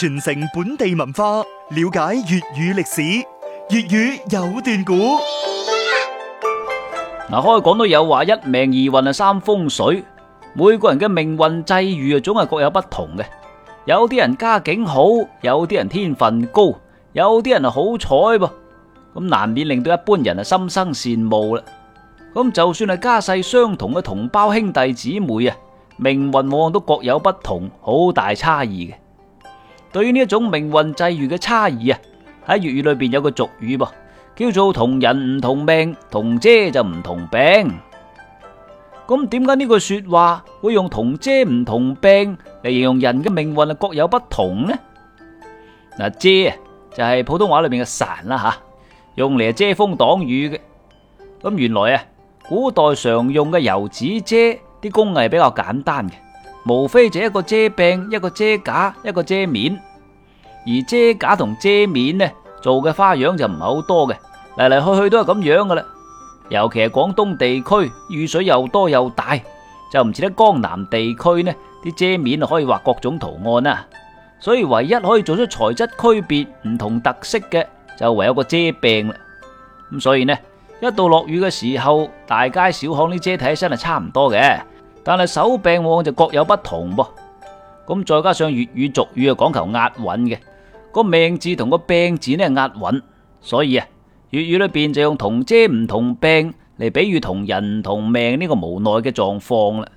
傳承本地文化，了解粵語歷史，粵語有段古。嗱， 開講都有話一命二運啊，三風水，每個人嘅命運際遇啊，總係各有不同嘅。有啲人家境好，有啲人天分高，有啲人啊好彩噃，咁難免令到一般人啊心生羨慕啦。咁就算係家世相同嘅同胞兄弟姊妹啊，命運往往都各有不同，好大差異嘅。對於呢一種命運際遇嘅差異啊，喺粵語裏邊有個俗語噃，叫做同人唔同命，同遮就唔同柄。咁點解呢句說話會用同遮唔同柄嚟形容人嘅命運啊各有不同呢？嗱，遮就係普通話裏邊嘅傘啦吓，用嚟遮風擋雨嘅。咁原來啊，古代常用嘅油紙遮啲工藝比較簡單嘅。無非就一個遮柄，一個遮、一個遮架，一個遮面。而遮架同遮面咧，做嘅花樣就唔係好多嘅，嚟嚟去去都係咁樣噶啦。尤其係廣東地區，雨水又多又大，就唔似得江南地區呢啲遮面可以畫各種圖案啊。所以唯一可以做出材質區別、唔同特色嘅，就唯有個遮柄啦。咁所以呢，一到落雨嘅時候，大街小巷啲遮睇起身係差唔多嘅。但係手柄往往就各有不同噃。咁再加上粵語俗語啊講求押韻嘅，個命字同個柄字呢押韻，所以啊粵語裏邊就用同遮唔同柄嚟比喻同人同命呢個無奈嘅狀況啦。